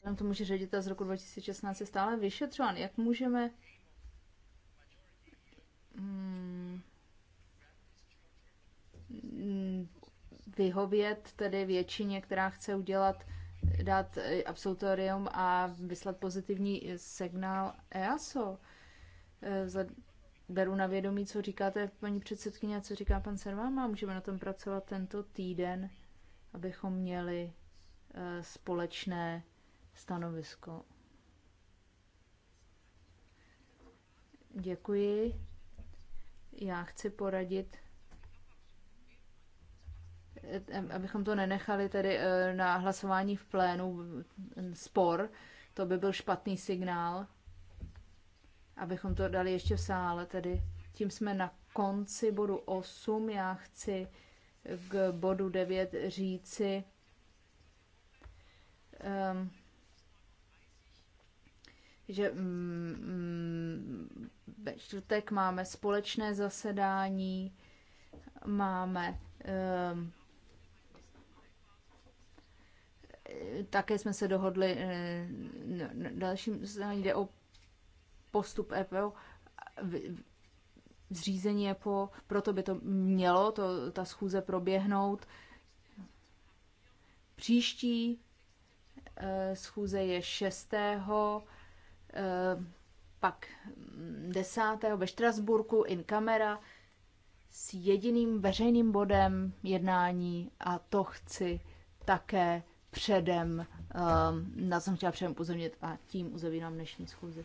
Vzhledem tomu, že ředitel z roku 2016 je stále vyšetřován, jak můžeme hmm, hmm vyhovět tedy většině, která chce udělat, dát eh, absolutorium a vyslat pozitivní eh, signál EASO. Eh, beru na vědomí, co říkáte, paní předsedkyně, a co říká pan Servama. Můžeme na tom pracovat tento týden, abychom měli společné stanovisko. Děkuji. Já chci poradit, abychom to nenechali tedy eh, na hlasování v plénu eh, spor, to by byl špatný signál, abychom to dali ještě v sále, tedy tím jsme na konci bodu 8, já chci k bodu 9 říci, um, že mm, mm čtvrtek máme společné zasedání, máme um, také jsme se dohodli eh, na dalším zasedání, jde o postup EPO, zřízení EPO, proto by to mělo to, ta schůze proběhnout. Příští eh, schůze je 6 Eh, pak 10. ve Štrasburku in camera s jediným veřejným bodem jednání a to chci také předem, eh, na co jsem chtěla předem upozornit a tím uzavírám dnešní schůzi.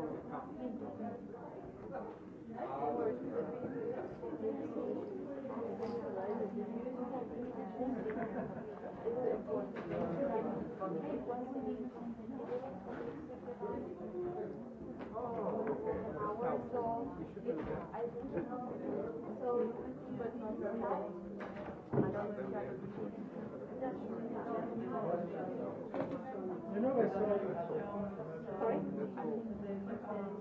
You know, I saw you. Sorry?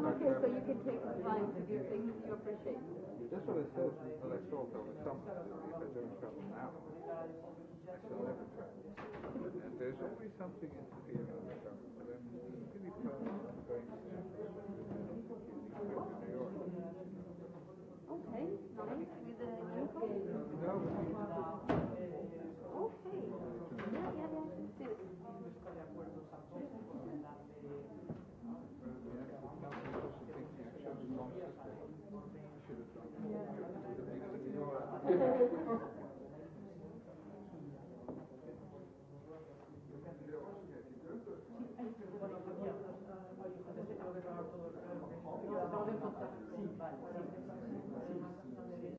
Okay, so you can take the time to do things you appreciate. That's what if I don't travel now, I shall never travel. and there's always something I'm really going to New York. Okay, nice.